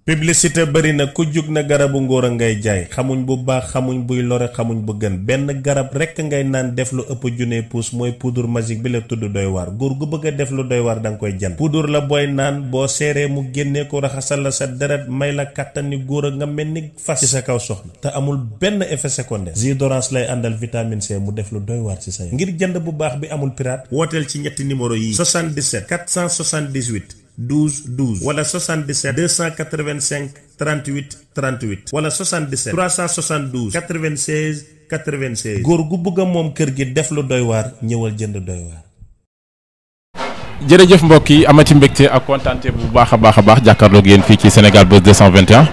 publicité bëri na ku jug na garabu ngóor a ngay jaay xamuñ bu baax xamuñ buy lore xamuñ bu gën benn garab rekk ngay naan def lu ëpp junne puus mooy poudre magique bi la tudd doy waar góor gu bëgg a def lu doy waar da nga koy jënd poudre la booy naan boo seeree mu génnee ko raxasal la sa deret may la kàttan ni góor a nga mel ni fas ci sa kaw soxna te amul benn effet secondaire Zydorance lay àndal vitamine C mu def lu doy waar ci sa ngir jënd bu baax bi amul pirate wooteel ci ñetti numéro yi 77 12 12 wala 77 285 38 38 wala 77 372 96 96. góor gu bëgg a moom kër gi def lu doy ñëwal jënd jërëjëf mbokk yi amati mbégte ak kontaante bu baax a baax a baax jàkkaarloog yéen fii ci Sénégal Buzz 221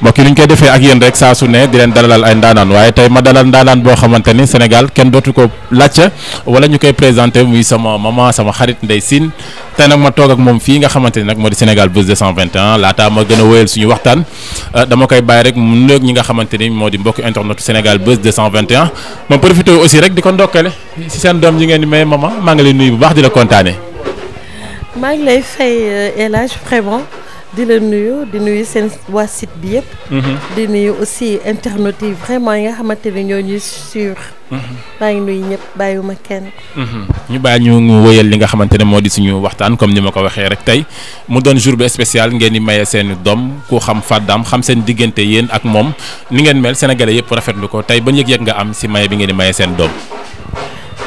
mbokk yi koy defee ak yéen rek saa su ne di leen dalalal ay ndaanaan waaye tey ma dalal ndaanaan boo xamante ni Sénégal kenn dootu ko laajte wala ñu koy présenté muy sama maman sama xarit ndey Sine. tey nag ma toog ak moom fii nga xamante nag moo di Sénégal Buzz 221 laataa ma gën a wéyal suñu waxtaan euh, dama koy bàyyi rek mu nëg ñi nga xamante moo di mbokk internet Sénégal Buzz ma profité aussi rek di ko ndokkale si seen doom yi ngeen di may maa ngi lay nuyu bu baax di kontaanee. di la nuyu di nuyu seen waa site bi yëpp. Mhm. di nuyu aussi internautes yi vraiment yi nga xamante ni ñoo ñuy suivre. Mhm. maa ngi nuyu ñëpp bàyyiwuma kenn. Mhm. ñu bàyyi ñu wëyal li nga xamante ne moo di suñu waxtaan comme ni ma ko waxee rek tey mu doon jour bi spécial ngeen di maye seen doom ku xam fàddaam xam seen diggante yéen ak moom ni ngeen mel sénégalais yëpp lu ko tey ba yëg-yëg nga am si maye bi ngeen di maye seen doom.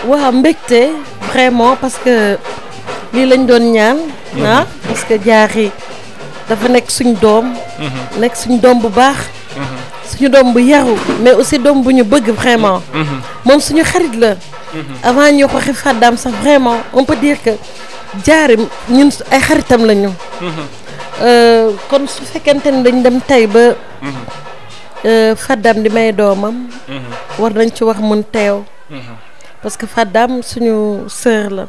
waaw mbégte vraiment parce que lii lañ dafa nekk suñu doom nekk suñ doom bu baax suñu doom bu yaru mais aussi doom bu ñu bëgg vraiment moom suñu xarit la avant ñu ko xi fàddaam sax vraiment on peut dire que jaari ñun ay xaritam lañu euh, kon su fekkente ne dañ dem tey ba euh, fàddaam di may doomam war nañ ci wax mun teew parce que fàddaam suñu sœur la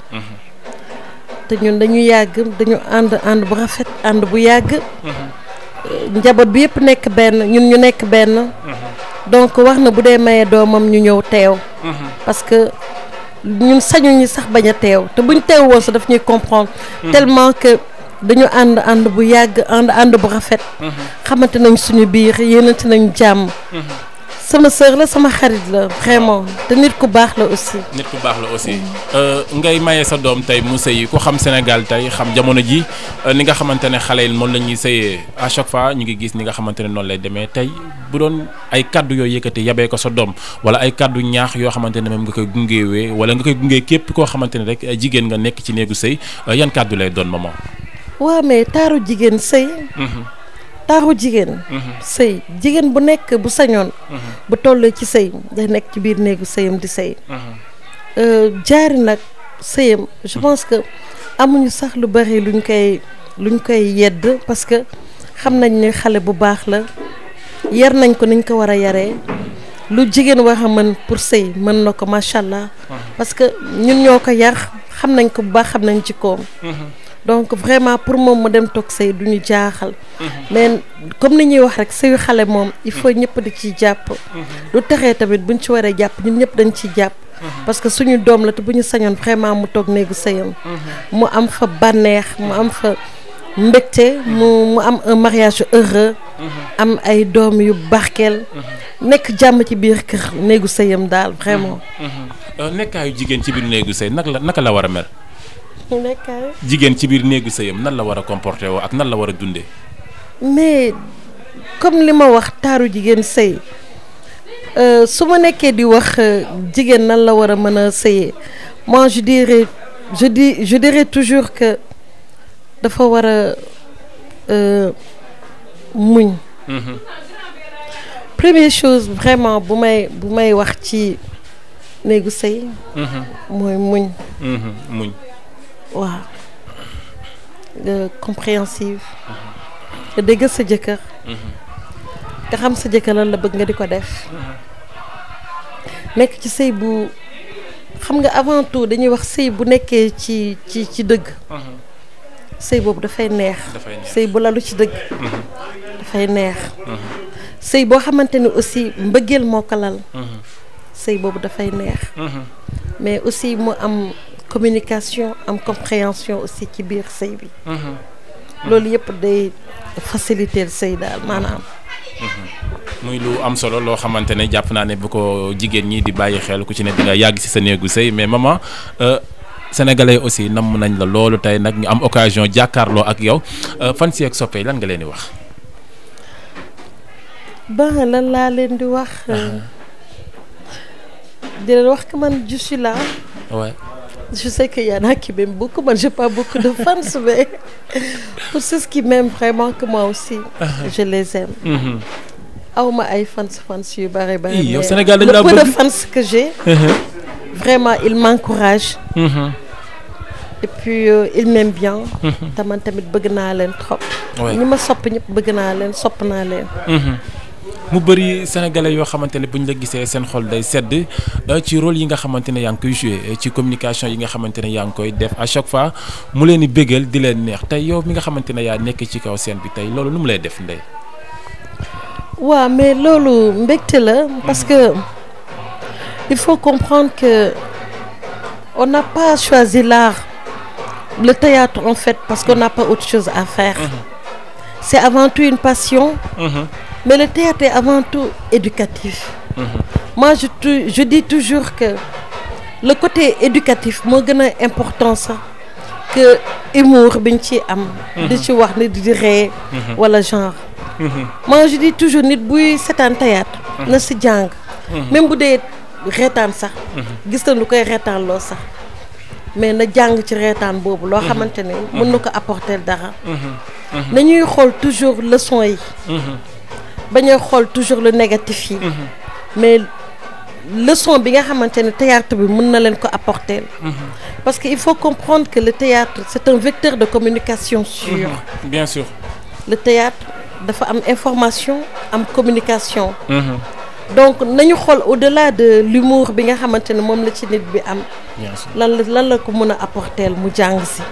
te ñun dañu yàgg dañu ànd ànd bu rafet ànd bu yàgg. Mm-hmm. njaboot bi yëpp nekk benn ñun ñu nekk benn. Mm-hmm. donc wax na bu dee mayee doomam ñu ñëw teew. Mm-hmm. parce que ñun sañuñu sax bañ a teew te buñ teew woon sax daf ñuy comprendre. tellement que dañu ànd ànd bu yàgg ànd ànd bu rafet. xamante nañ suñu biir yéenante nañ jàmm. sama sœur la sama xarit la vraiment te nit ku baax la aussi. ku baax la aussi euh, ngay maye sa doom tey mu sëyi ku xam Sénégal tey xam jamono ji euh, ni nga xamante ne xale yi moom la ñuy sëyee à chaque fois ñu ngi gis ni nga xamante ne noonu lay demee tey bu doon ay kaddu yooy yëkkati yabee ko sa doom wala ay kàddu ñaax yoo xamante ne moom nga koy gungewee wala nga koy gungee képp koo xamante ne rek euh, jigéen nga nekk ci néegu sëy yan kaddu lay doon maman. waaw mais taaru jigéen taaru jigéen mhm. sëy jigéen bu nekk bu sañoon mhm. bu tollee ci sëy nekk ci biir néegu sëyam di sëy mhm. euh, jaari nag sëyam je pense que amuñu sax lu bari luñ koy luñ koy yedd parce que xam nañ ne xale bu baax la yar nañ ko niñ ko war a yare lu jigéen wax a mën pour sëy mën na ko macha allah parce que ñun ñoo ko yar xam nañ ko bu baax xam nañ ci koom donc vraiment pour moom mu dem toog sëy du ñu jaaxal. mais comme ni ñuy wax rek sëyu xale moom. il faut ñëpp di ciy jàpp. du taxee tamit buñ ci waree jàpp ñun ñëpp dañ ciy jàpp. parce que suñu doom la bu ñu sañoon vraiment mu toog néegu sëyam. mu am fa bànneex mu am fa mbégte mu mu am un mariage heureux. am ay doom yu barkeel. nekk jàmm ci biir kër néegu sëyam daal vraiment. Euh, nekkaayu jigéen ci biir néegu sëy naka la naka la war a mel. jigéen ci biir néegu sëyam nan la war a comporté woo ak nan la war a dundee. mais comme li ma wax taaru jigéen sëy euh, su ma nekkee di wax euh, jigéen nan la war a mën a sëyee moi je dirais je dis toujours que dafa war a euh, muñ. Mhm. première chose vraiment bu may bu may wax ci néegu sëy. Mhm. mooy muñ. Mhm, muñ. waaw nga compréhensive nga déggal sa jëkkër nga xam sa jëkkër lan la bëgg nga di ko def nekk ci sëy bu xam nga avant tout dañuy wax sëy bu nekkee ci ci ci dëgg sëy boobu dafay neex sëy bu lalu ci dëgg dafay neex sëy boo xamante ni aussi mbëggeel moo lal mhm. sëy boobu dafay neex mhm. mais aussi mu am communication am compréhension aussi ci biir sëy bi mhm. Mhm. loolu yëpp day faciliter sëy daal maanaam mhm. muy lu am solo loo xamante ne jàpp naa ne bu ko jigéen ñi di bàyyi xel ku ci ne dina yàgg ci sa néegu sëy mais maman euh, sénégalais aussi namm nañ la loolu tey nag ñu am occasion jàkkaarloo ak yow euh, fan si ak soppe lan nga leen di wax ba lan laa di wax ah. di leen wax que man je suis je sais qu'il y en a qui m'aiment beaucoup. Moi, je n'ai pas beaucoup de fans, mais pour ceux qui m'aiment vraiment, que moi aussi, uh-huh. je les aime. Mm -hmm. aw ah, ma ay fans fans yu bare bare. yow Sénégal dañu laa bëgg le peu de fans que j'ai uh-huh. vraiment il m'encourage mm-hmm. et puis euh, il m'aime bien. Mm-hmm. te man tamit bëgg naa leen trop. ñi ma sopp ñëpp bëgg naa leen sopp naa leen. Mm-hmm. mu bëri sénégalais yoo xamante ne bu ñu la gisee seen xol day sedd euh, ci rôle yi nga xamante ne yaa ngi koy joué euh, ci communication yi nga xamante ne yaa ngi koy def à chaque fois mu leen di bégal di leen neex tey yow mi nga xamante ne yaa nekk ci kaw seen bi tey loolu nu mu lay def ndey. waaw mais loolu mbégte la parce mm. que il faut comprendre que on n'a pas choisi l'art le théâtre en fait parce qu'on mm. n'a pas autre chose à faire. Mm-hmm. c'est avant tout une passion. Mm-hmm. mais le théâtre est avant tout éducatif mmh. moi je, toujours que le côté éducatif moo gën a important sax que humour bi ñu ci am mm-hmm. di ci wax nit di ree mm-hmm. wala genre mm-hmm. moi je dis toujours nit buy seetaan théâtre na si jàng même bu dee reetaan sax gis na lu koy reetaan loo sax mais na jàng ci reetaan boobu loo xamante ne mën na ko apporter dara nañuy xool toujours leçon yi bañuy xool toujours le négatif yi mhm. mais leçon bi nga xamante ne théâtre bi mun na leen ko apporter mhm. parce que il faut comprendre que le théâtre c'est un vecteur de communication sûr mhm. bien le théâtre dafa am information am communication donc nañu xool au-delà de l'humour bi nga xamante ne moom la ci nit bi am lan la lan la ko mën a apporter mu jàng si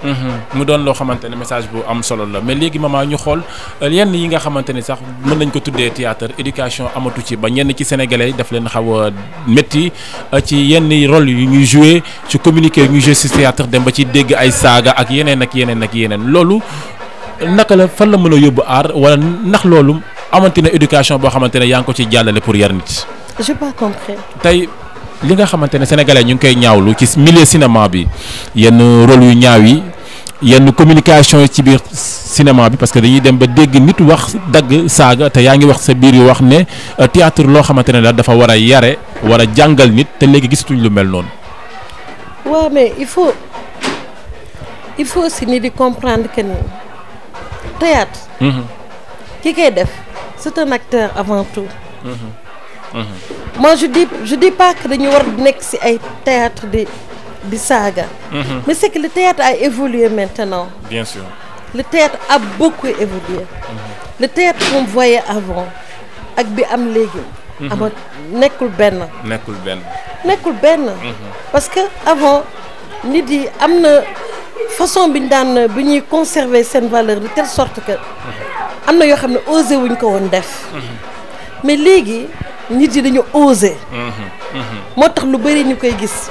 Mhm. mu doon loo xamante ne message bu am solo la mais léegi maman ñu xool euh, yenn yi nga xamante ni sax mën nañ ko tuddee théâtre éducation amatu ci ba ñenn ci sénégalais daf leen xaw a métti euh, ci yenn rôle yu ñuy joué ci communiqué yu ñuy joué ci théâtre dem ba ci dégg ay saaga ak yeneen ak yeneen ak yeneen loolu naka la fan la mën a yóbbu aar wala ndax loolu amante na éducation boo xamante ne yaa ngi ko ci jàllale pour yar nit. li nga xamante ne sénégalais ñu ngi koy ñaawlu ci milieu cinéma bi yenn rôle yu ñaaw yi yenn communication ci biir cinéma bi parce que dañuy dem ba dégg nit wax dagg saaga te yaa ngi wax sa biir yu wax ne euh, théâtre loo xamante ne daal dafa war a yare war a jàngal nit te léegi gisatuñ lu mel noonu. faut il di comprendre que théâtre. Mm-hmm. ki koy def c'est un avant tout. Mm-hmm. moi je dis je dis pas que dañu war nekk ci ay théâtre di di saaga. Mhm. mais c'est que le théâtre ay évolué maintenant. bien le théâtre a beaucoup évolué. Mhm. le théâtre qu'on voyait avant ak bi am léegi. Mhm. ama nekkul benn. nekkul benn. nekkul benn. parce que avant nit yi am na façon bi ñu daan bi ñuy conserver seen valeur de telle sorte que. am na yoo xam ne osé wuñ ko woon def. mais léegi. nit yi dañu osé. Mhm, mhm. moo tax lu bëri ñu koy gis.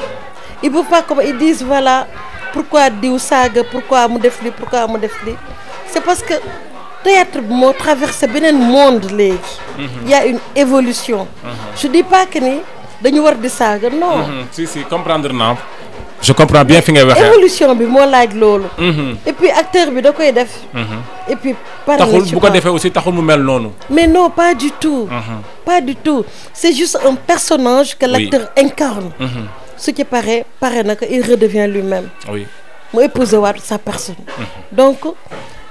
il faut pas comme ils disent voilà pourquoi diw saaga pourquoi mu def li pourquoi mu def li c'est parce que théâtre bi moo traversé beneen monde léegi. Mhm. il une évolution. je dis pas que ni dañu war di saaga non. si si comprendre naa. je comprends bien fi ngay waxee évolution bi moo laaj loolu. Mhm. et puis acteur bi da koy def. Mhm. et puis par taxul bu ko defee aussi taxul mu mel noonu. mais non pas du tout. Mhm. pas du tout c'est juste un personnage que l'acteur incarne. su ci paree pare na ko il redevient lui-même. oui mu épouser waat sa personne. donc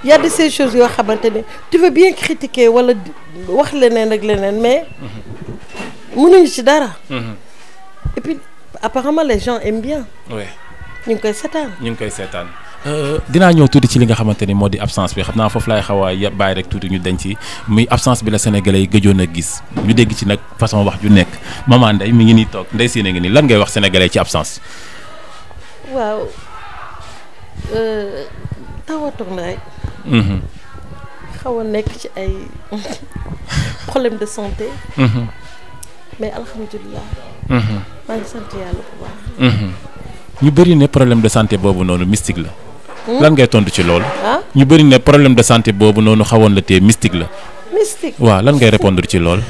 ya a de ces yoo xamante ne tu veux bien critiquer wala wax leneen ak leneen mais. mënuñu ci dara. et puis. apparemment les gens aiment bien. oui ñu ngi koy seetaan. ñu euh, dinaa ñëw tuuti ci li nga xamante ni moo di absence bi xam naa foofu laay xaw a bàyyi rek tuuti ñu denc muy absence bi la sénégalais yi gëjoon a gis ñu dégg ci nag façon wax ju nekk maman Ndeye mi ngi nii toog Ndeye Sine ngi nii lan ngay wax sénégalais ci absence. waaw euh, tawatur na rek. Mm-hmm. xaw nekk ci ay problème de santé. Mm-hmm. mais alhamdulilah. Mm-hmm. maa ngi mm-hmm. ñu bëri ne problème de santé boobu noonu mystique la. Hmm? lan ngay tontu ci loolu. ñu bëri ne problème de santé boobu noonu xawoon la te mystique la. waaw lan ngay répondre ci lool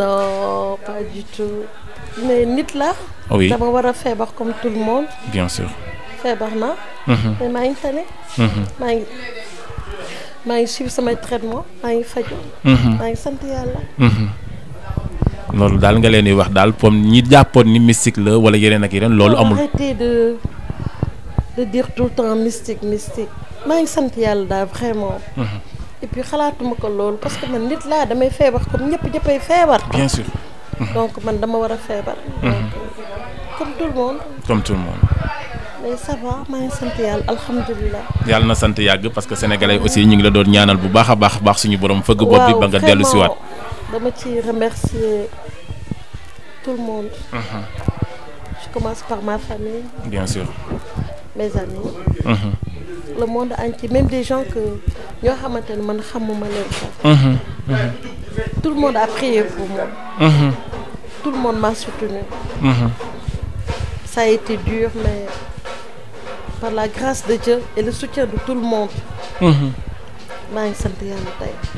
non pas du tout mais nit la. dama war a feebar comme tout le monde. bien sûr. feebar na. Mm-hmm. mais maa ngi tane. maa ngi maa samay traitement maa ngi faju maa ngi sant yàlla. loolu daal nga leen di wax daal comme ñi jàppoon ni mystique la wala yeneen ak yeneen loolu amul arrêtez de de dire ngi sant yàlla daal vraiment mhm. et puis xalaatuma ko loolu parce que man nit laa damay feebar comme ñëpp ñëppay feebar bien sûr mhm. man dama war a feebar mhm. comme tout le monde comme tout le monde mais ça va maa sant yàlla alhamdulilah. yàlla na sant yàgg parce que sénégalais aussi ñu ngi la doon ñaanal bu baax a baax baax suñu borom fëgg bopp bi ba nga dellu si dama ci remercier tout le monde. Mhm. je commence par ma famille. bien sûr. mes amis. Mmh. le monde entier même des gens que ñoo xamante ne man xamuma leen sax. Mhm. tout le monde a prié pour moi. Mhm. tout le monde m'a soutenu. ça a été dur mais par la grâce de Dieu et le soutien de tout le monde. maa ngi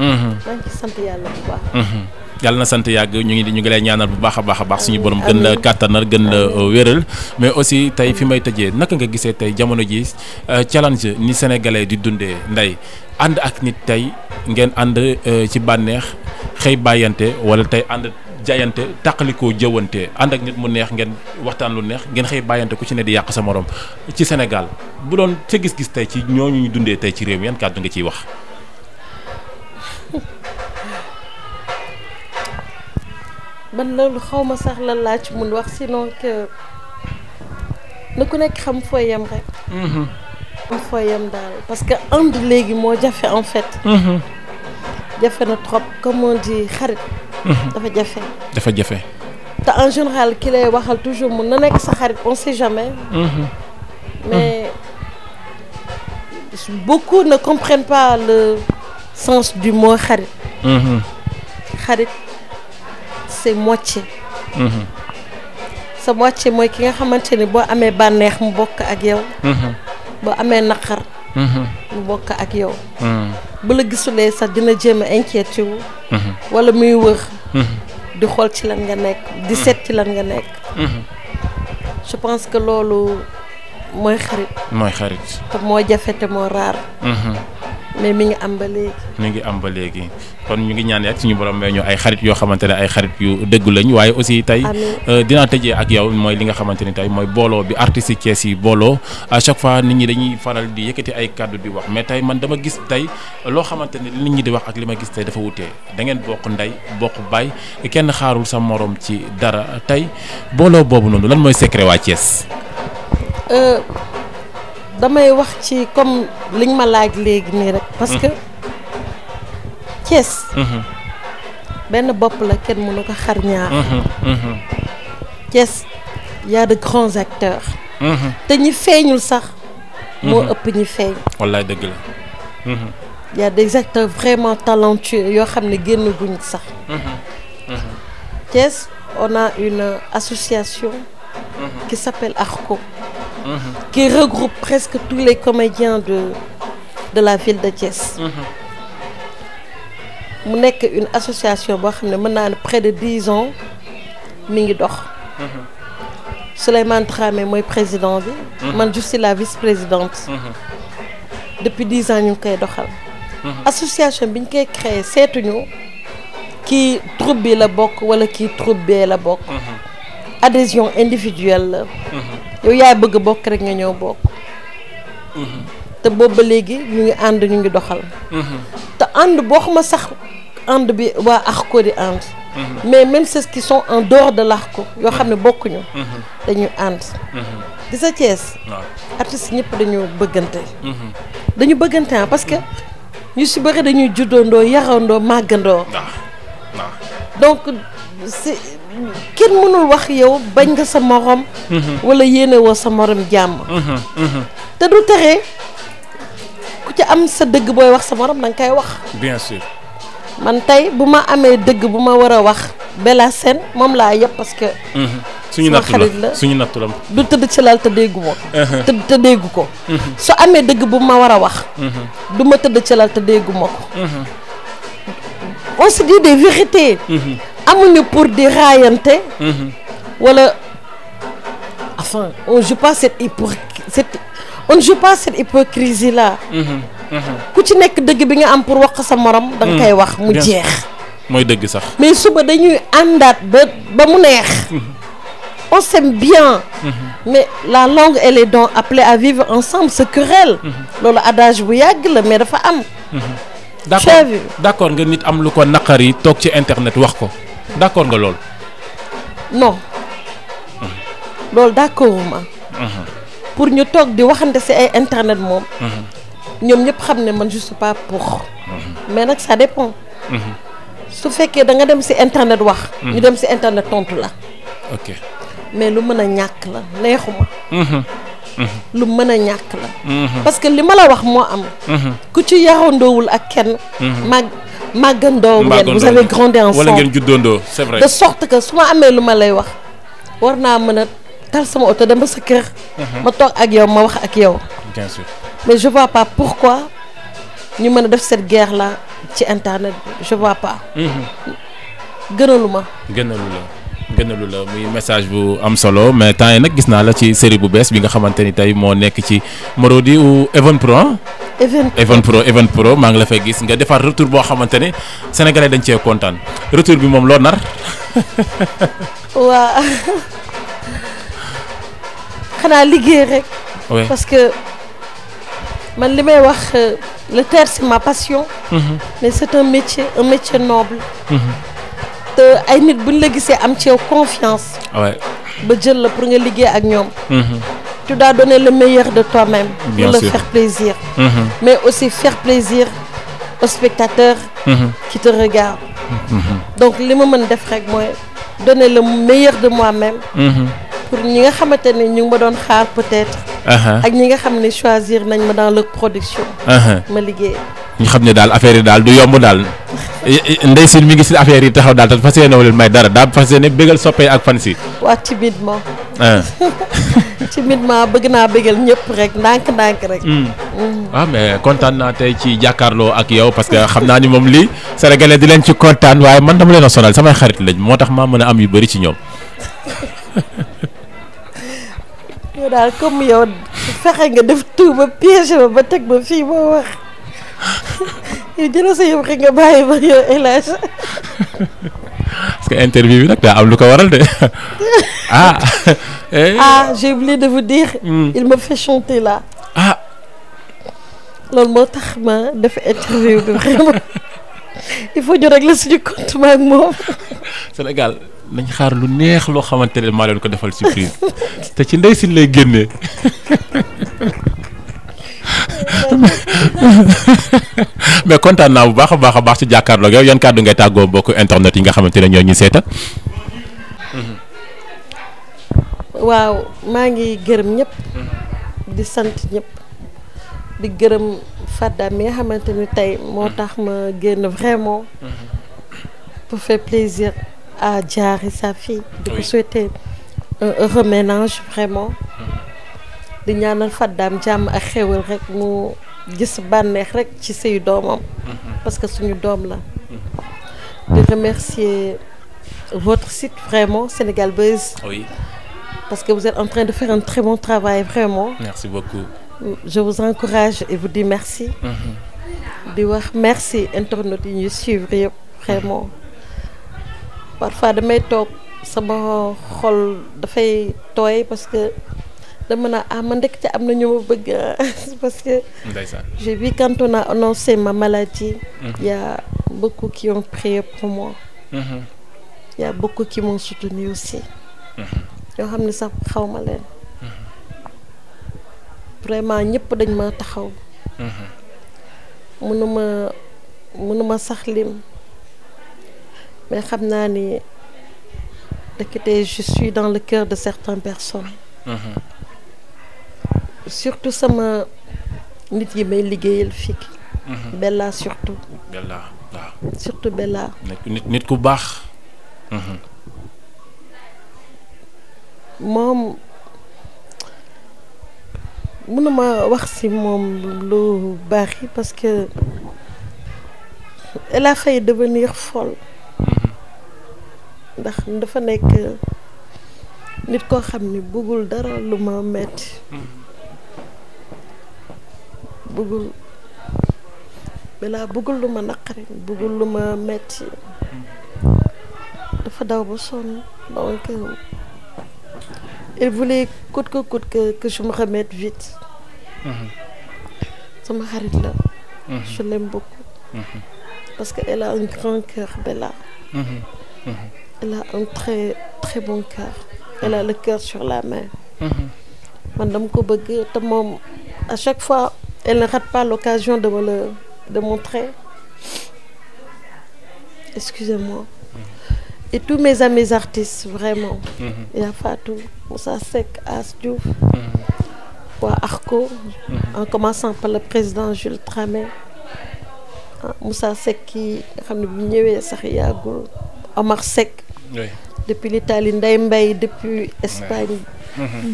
mhm. mhm. yàlla na sant yàgg ñu ngi ñu ngi lay ñaanal bu baax a baax a baax suñu borom gën la kàttanal gën la uh, wéral mais aussi tey fi may tëjee naka nga gisee tey jamono ji uh, challenge ni sénégalais di dundee ndey ànd ak nit tey ngeen ànd uh, ci bànneex xëy bàyyante wala tey ànd jaayante tàqalikoo jëwante ànd ak nit mu neex ngeen waxtaan lu neex ngeen xëy bàyyante ku ci ne di yàq sa morom ci Sénégal bu doon sa gis-gis tey ci ñooñu ñu dundee tey ci réew mi yan kàddu nga ciy wax. man loolu xaw ma sax lan laa mun wax sinon que na ku nekk xam foo yem rek. xam mhm. foo yem daal parce que ànd léegi moo jafe en fait. Mhm. jafe na trop comme on dit xarit. Mhm. dafa jafe. dafa jafe. te en général ki lay waxal toujours mun na nekk sa xarit on sait jamais. mais beaucoup ne comprennent pas le sens du mot xarit. xarit. say mocce sa mocce mooy ki nga xamante ni boo amee bànneex mu bokk ak yow boo amee naqar mu bokk ak yow bu la gisulee sax dina jéem a inquiété wu wala muy wër di xool ci lan nga nekk di seet ci lan nga nekk je pense que loolu mooy xarit mooy xarit te moo jafe te moo raar mais mi ngi am ba léegi. mi ngi am ba léegi kon ñu ngi ñaan yàgg suñu borom may ñu ay xarit yoo xamante ne ay xarit yu dëgg lañ waaye aussi tey euh, dinaa tëjee ak yow mooy li nga xamante ni tey mooy booloo bi artistes Thiès yi booloo à chaque fois nit ñi dañuy faral di yëkkati ay kàddu di wax mais tey man dama gis tey loo xamante ne nit ñi di wax ak li ma gis tey dafa wutee da ngeen bokk ndey bokk baay kenn xaarul sa moroom ci dara tey booloo boobu noonu lan mooy secret waa damay wax ci comme liñ ma laaj léegi nii rek. parce que Thiès. benn bopp la kenn mënu ko xar ñaar. Thiès y a de te ñi feeñul sax. moo ëpp ñi feeñ. wallaay dëgg la. y a vraiment talentueux yoo xam ne génn guñ sax. Thiès on a une association. qui s'appelle ARCO. qui regroupe presque tous les comédiens de la ville de Thiès. mu nekk une association boo xam ne mën naa ne près de dix ans mi ngi dox. Souleymane Dramé mooy président bi. man je la vice président depuis dix ans ñu ngi koy doxal. association bi ñu koy créé seetuñu ki troupe bi la bokk wala kii troupe bee la bokk. adhésion individuelle la. yow yaay bëgg bokk rek nga ñëw bokk. te boobu ba léegi ñu ngi ànd ñu ngi doxal. te ànd boo xama sax ànd bi waa AXCO di ànd. mais même ceux qui sont en dehors de l'AXCO yoo xam ne bokkuñu. dañuy ànd. gis nga Thiès. artistes ñëpp dañu bëggante. Mhm. dañu bëggante ah parce que ñu si bëri dañuy juddandoo yarandoo màggandoo. donc kenn mënul wax yow bañ nga sa morom. Mhm. wala yéene woo sa morom jàmm. Mhm, mhm. te du tere ku ci am sa dëgg booy wax sa morom danga koy wax. bien sûr. man tey bu ma amee dëgg bu ma war a wax Bella seen moom laa yëpp parce que. suñu nattu la suñu nattu du tëdd ci lal te déggu tëdd te ko. su amee dëgg bu ma war a wax. du ma tëdd ci lal te ko. on se dit des amuñu pour di raayante. Mhm. wala enfin on joue pas cette hypo cette on joue pas cette hypocrisie là. Mhm, mhm. ku ci nekk dëgg bi nga am pour wax sa moroom da nga wax mu jeex. mooy dëgg sax. mais suba dañuy àndaat ba ba mu neex. on s'aime bien. mais la langue elle est donc appelée à vivre ensemble se querelle. loolu adage bu yàgg la mais dafa am. d'accord d'accord nga nit am lu ko naqari toog ci internet wax ko. d'accord nga loolu. non. loolu d'accorduma pour ñu toog di waxante si ay internet moom. ñoom ñëpp xam ne man je suis pas pour. mais nag sa dépend. su fekkee da nga dem ci internet wax. ñu dem si internet tontu la. mais lu mën a ñàkk la neexuma. lu mën a ñàkk la. Mhm. parce que li ma la wax moo am. Mhm. ku ci yarandoowul ak kenn. Mhm. mag màggandoo ngeen vous avez grandi ensemble wala ngeen juddoondoo c'est vrai de que su ma amee lu ma lay wax war naa mën a tal sama oto dem ba sa kër. Mhm. ma toog ak yow ma wax ak yow. bien sûr mais je vois pas pourquoi ñu mën a def cette guerre la ci internet je vois pas. Mhm. gënalu ma. gënalu gënalu la muy message bu am solo mais temps yi nag gis naa la ci série bu bees bi nga xamante ni tey moo nekk ci Marodi ou Even Pro. Ah? Even Pro Even Pro maa ngi la fay gis nga defar retour boo xamante ni sénégalais dañ cee kontaan retour bi moom loo nar. waa xanaa liggéey rek. parce que man li may wax euh, le terre c'est ma passion. Mm-hmm. mais c'est un métier un métier noble. Mm-hmm. te ay nit bu buñ la gisee am ci yow confiance. ba jël la pour nga liggéey ak ñoom. Mm-hmm. tu dois donner le meilleur de toi-même. bien pour sûr. leur faire plaisir. Mm -hmm. mais aussi faire plaisir aux spectateurs. Mm -hmm. qui te regardent. Mm-hmm. donc li ma mën def rek mooy donner la meilleur de moi-même. Mm-hmm. pour ñi nga xamante ne ñu ngi ma doon xaar peut-être. Uh-huh. ak ñi nga xam ne choisir nañ ma dans leur production. Uh-huh. ma liggéey. ñu xam ne daal affaire daal du yomb daal Ndeye Sine mi ngi si affaire yi taxaw daal te fas yéene wu leen may dara daa fas yéene bégal soppee ak fan si. waa timidement. Ah. timidement bëgg naa bégal ñëpp rek ndànk-ndànk rek. waaw hmm. hmm. ah, mais kontaan naa tey ci jàkkaarloo ak yow parce que xam naa ni moom lii Sénégalais di leen ci kontaan waaye man dama leen sonal samay xarit lañ moo tax maa mën a am yu bëri ci ñoom. yow daal comme yow fexe nga def tuuma piège ba teg yow jëlal sa yëpp nga bàyyi ba yow El parce que interview bi nag daa am lu ko waral de ah. Eh. ah j'ai oublié de vous dire. Hmm. il me fait chanter là. ah. loolu moo tax ma def interview bi vraiment il faut ñu régler suñu compte ma moom. Sénégal nañ xaar lu neex loo xamante ne maa leen ko defal surprise te ci ndey si lay génnee. mais kontaan naa bu baax a baax a baax ci jàkkaarloo ak yow yan kàddu ngay tàggoo mbokk internet yi nga xamante ne seetal. Mm-hmm. waaw maa ngi gërëm ñëpp. Mm-hmm. di sant ñëpp. di gërëm Fadda mi nga xamante ni tey moo mm-hmm. tax ma génn vraiment. pour faire plaisir à Diary sa fille. di ko souhaiter un di ñaanal faddaam jàmm ak xewal rek mu gis bànneex rek ci sëyu doomam mhm. parce que suñu doom la mhm. di remercier votre site vraiment Sénégal Buzz oui parce que vous êtes en de faire un très travail vraiment merci je vous encourage et vous dis merci mhm. di wax merci internautes yi ñuy suivre yëpp vraiment parfois damay toog sama xol dafay tooy parce que dama naa ah man ndekk ci am na ñu ma bëgg parce que. ndeysaan j'ai vu quand on a annoncé ma maladie. Mhm. y a beaucoup qui ont prié pour moi. Mhm. y a beaucoup qui m'ont aussi. Mhm. yoo xam ne sax xaw ma leen. vraiment ñëpp dañ ma taxaw. mënuma mënuma sax lim mais xam naa ni ndekete je suis dans le cœur de certaines personnes. surtout sama nit yi may liggéeyal fii. Mhm. Bella surtout. surtout Bella. nit ku baax. Mhm. moom mënuma wax ci moom lu baax yi parce que elle a failli devenir mhm. ndax dafa nekk nit koo xam ni bëggul dara lu ma metti bëggul bilaa bëggul lu ma naqari bëggul lu ma metti dafa daw ba sonn donc il voulait coûte que coûte que que je me remette vite. Mhm. sama la. Mhm. je mhm. un très bon cœur. elle le cœur sur la main. man dama ko bëgg te moom à chaque fois. Elle ne rate pas l'occasion de me le de Excusez-moi. Et tous mes amis artistes, vraiment. Mhm. Il Fatou, Moussa Sek, Asdiouf, mhm. waa mhm. en commençant par le président Jules Dramé ah, Moussa Seck ki xam ne bu ñëwee sax yàggul Omar Seck. depuis l'Italie Ndeye Mbaye depuis Espagne.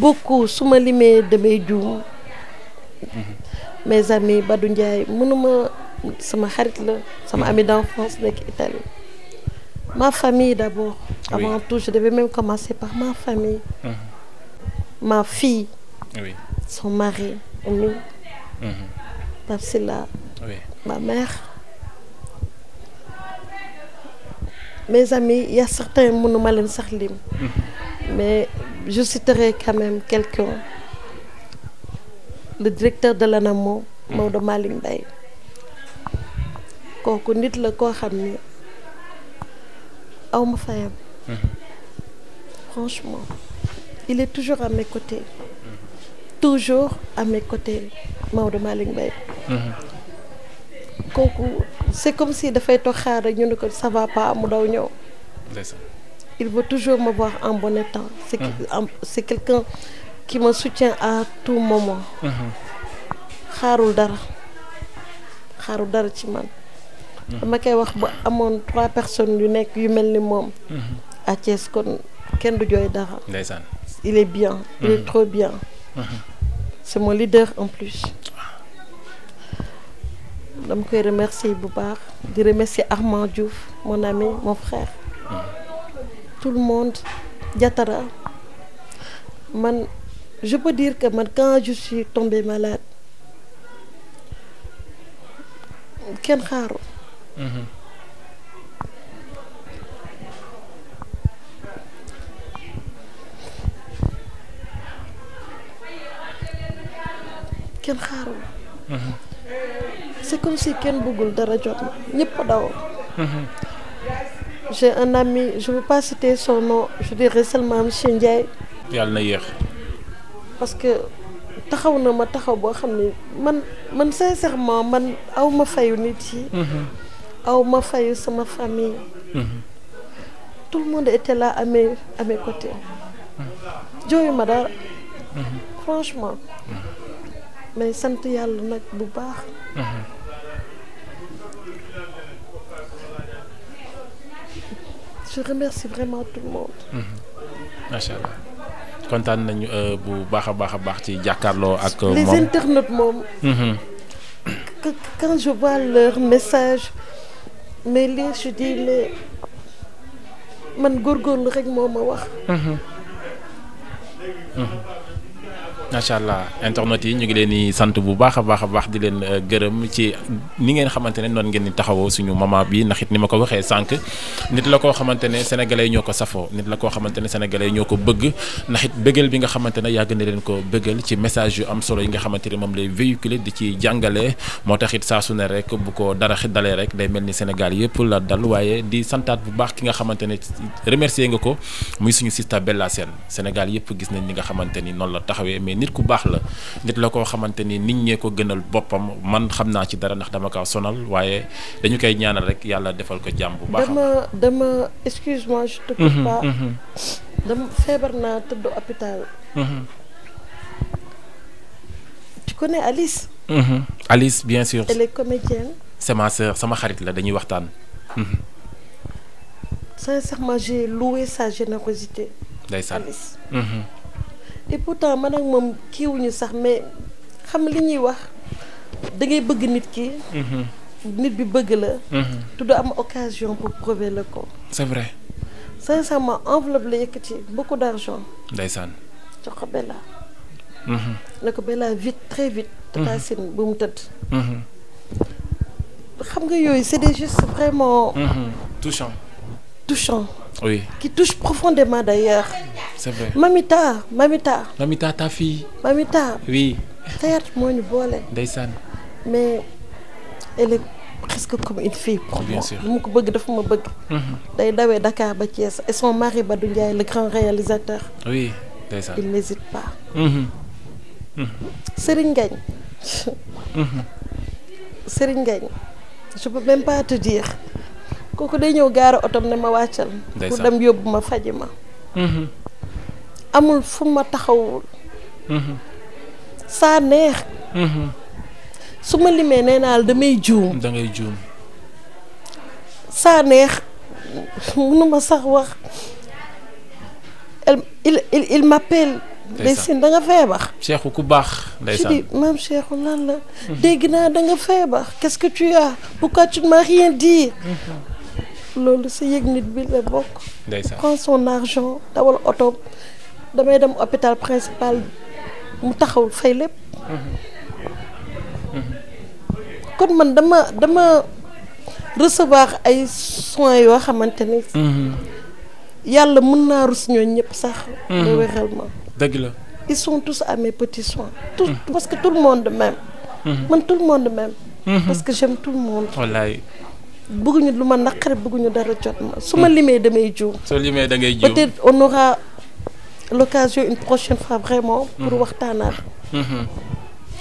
beaucoup su ma limee damay juum. mes amis Badou Ndiaye mënuma sama xarit la sama hmm. ami d'enfance nekk Italie ma famille d'abord avant oui. tout je devais même commencer par ma famille hmm. ma fille oui. son mari Oumy mm -hmm. Pape ma mère mes amis il y a certains mënuma leen sax lim hmm. mais je citerai quand même quelqu'un le directeur de l'ANAMO Maodo Malick Mbaye kooku nit la koo xam ni aw ma franchement il est toujours à mes côtés toujours à mes côtés Maodo Malick Mbaye kooku c'est comme si dafay toog xaar rek ñu ne ko ça pas mu daw ñëw il veut toujours me voir en bon état c'est quelqu'un qui me soutient à tout moment. Mhm. xaarul dara xaarul dara ci man. Mhm. dama koy wax ba amoon trois personnes yu nekk yu mel ni moom. Mhm. à kon kenn du jooy dara. ndeysaan il est bien. il est trop bien. c'est mon leader en plus. dama koy remercier bu baax di remercier Armand Diouf mon ami mon frère. tout le monde jatara man je peux dire que man quand je suis tombée malade kenn xaaru. Mhm. kenn xaaru. Mhm. c'est comme si kenn bëggul dara jot ma ñëpp daw. Mhm. j'ai un ami je veux pas citer son je dirais seulement monsieur Ndiaye. yàlla na yéex. parce que taxaw na ma taxaw boo xam ne man man sincèrement man aw ma fayu nit yi. Mhm. aw ma sama famille. Mhm. tout le monde était là ame mes à mes côtés. Mhm. jooyu franchement. mais sant yàlla nag bu baax. je remercie vraiment tout le monde. macha allah. kontaan nañu euh, bu baax a baax a baax ci jàkkaarloo ak. Euh, moom les internautes moom. Mm-hmm. quand je vois leur message mais lii je dis mais man góorgóorlu rek moo ma wax. Mm-hmm. Mm-hmm. macha allah internet yi ñu ngi leen di sant bu baax a baax a baax di leen euh, gërëm ci ni ngeen xamante ne noonu ngeen di taxawoo suñu maman bi ndax it ni ma ko waxee sànq nit la koo xamante ne sénégalais yi ko safoo nit la koo xamante ne sénégalais ñoo ko bëgg ndax it bi nga xamante ne yàgg na leen ko bëggal ci message yu am solo yi nga xamante ne moom lay véhiculer di ci jàngale moo tax it saa su ne rek bu ko dara xit dalee rek day mel ni Sénégal yëpp la dal waaye di santaat bu baax ki nga xamante ne remercier nga ko muy suñu sista Bella Sène Sénégal yëpp gis nañ ni nga xamante ni noonu la taxawee nit ku baax la nit la koo xamante ni nit ñee ko gënal boppam man xam naa ci dara ndax dama kaa sonal waaye dañu koy ñaanal rek yàlla defal ko jàmm bu baax dama dama excuse-moi je te coupe pas mm-hmm, mm-hmm. dama feebar naa tëdd hôpital mm-hmm. tu sama xarit la dañuy waxtaan sincèrement j'ai loué sa générosité Alice et pourtant man ak moom kiiwuñu sax mais xam li ñuy wax da bëgg nit ki. Mhm. nit bi bëgg la. Mhm. te du am occasion pour prouver la ko. c'est vrai. sincèrement enveloppe la yëkkati beaucoup d'argent. ndeysaan. jox ko Bella. la mhm. ko Bella vite très vite. Tata bu mu tëdd. xam nga yooyu c'est des gestes vraiment. touchant. touchant. oui qui profondément d'ailleurs. Mamita Mamita. Mamita ta fille. Mamita. oui. théâtre moo ñu boole. mais elle presque comme une fille. pour moi mu ko bëgg dafa ma bëgg. Mhm. day dawee Dakar ba Thiès et son mari Badou Ndiaye le grand réalisateur. oui il n'hésite pas. Mhm. Mhm. Serigne Ngagne. Serigne Ngagne je peux pas te kooku day ñëw gaara otom ma wàccal. ndeysaan dem yóbbu ma faji ma. amul fu ma taxawul mm-hmm. saa neex mm-hmm. su ma limee nee naa la damay juum dangay juum saa neex mënuma sax wax il il il m'appelle Leysine da feebar. Cheikhou ku baax. ndeysaan je maam Cheikhou lan la. Mm-hmm. dégg naa danga feebar qu'est-ce que tu as pourquoi tu ne loolu sa yëg nit bi la bokk. ndeysaan son argent dawal oto. damay dem hôpital principal mu taxaw fay lépp kon man dama dama recevoir ay soin yoo xamante ni yàlla mën naa rus ñooñu ñëpp sax nga mhm. wéral ma dëgg la ils sont tous à mes petits soins tous mhm. parce que tout le monde même mhm. man tout le monde même parce que j'aime tout le monde wallaay bëgguñu lu ma naqari bëgguñu dara jot ma su ma limee damay juum soo limee da ngay l'occasion une prochaine fois vraiment. pour mhm. waxtaanaat. Mhm.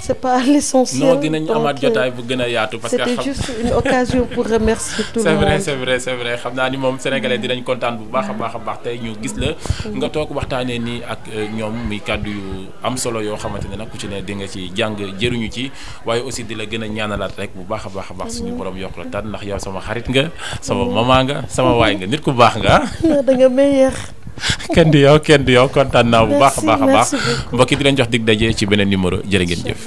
c' est pas l' essentiel. non dinañ amaat jotaay bu gën a yaatu. parce que c'était juste une occasion pour remercier tout vrai c' vrai c' vrai xam naa ni moom sénégalais dinañ kontaan bu baax a baax a baax tey ñu gis la. Mhm. nga toog waxtaanee nii ak euh, ñoom muy kàddu yu am solo yoo xamante ne nag ku ci ne di nga ci jàng jëruñu ci waaye aussi di la gën a ñaanalaat rek bu baax a baax a baax suñu borom yokk la tan ndax yow sama xarit nga sama maman sama waay nga nit ku baax nga. kenn du yow kenn du yow kontaan naa bu baax a baax a baax mbokki yi di jox dig daje ci beneen numéro jërë ngeen jëf.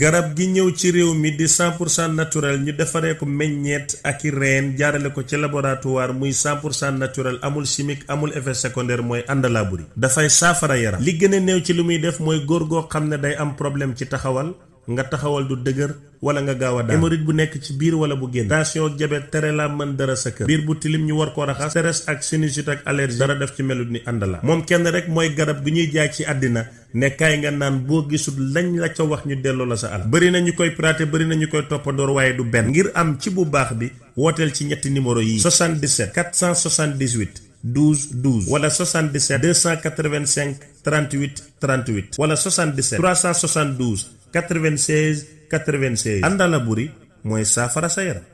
garab gi ñëw ci réew mi di 100% naturel ñu defaree ko meññeet ak i reen jaarale ko ci laboratoire muy 100% naturel amul chimique amul effet secondaire mooy àndalaa buri dafay saafara yaram li gën a néew ci li muy def mooy góor goo xam ne day am problème ci taxawal. nga taxawal du dëgër wala nga gaaw a daan hémorroïde bu nekk ci biir wala bu génn tension ak tere la mën dara sa kër biir bu tilim ñu war koo raxas stress ak sinusite ak allergie dara def ci melut ni ànd la moom kenn rek mooy garab gi ñuy jaay ci àddina ne kaay nga naan boo gisul lañ la ca wax ñu delloo la sa àll bëri na ñu koy praté bëri na ñu koy toppandoor waaye du benn ngir am ci bu baax bi wooteel ci ñetti numéro yi 77 478 12 12 wala 77 wala 77 96 96. àndala buri mooy saafara sa yaram.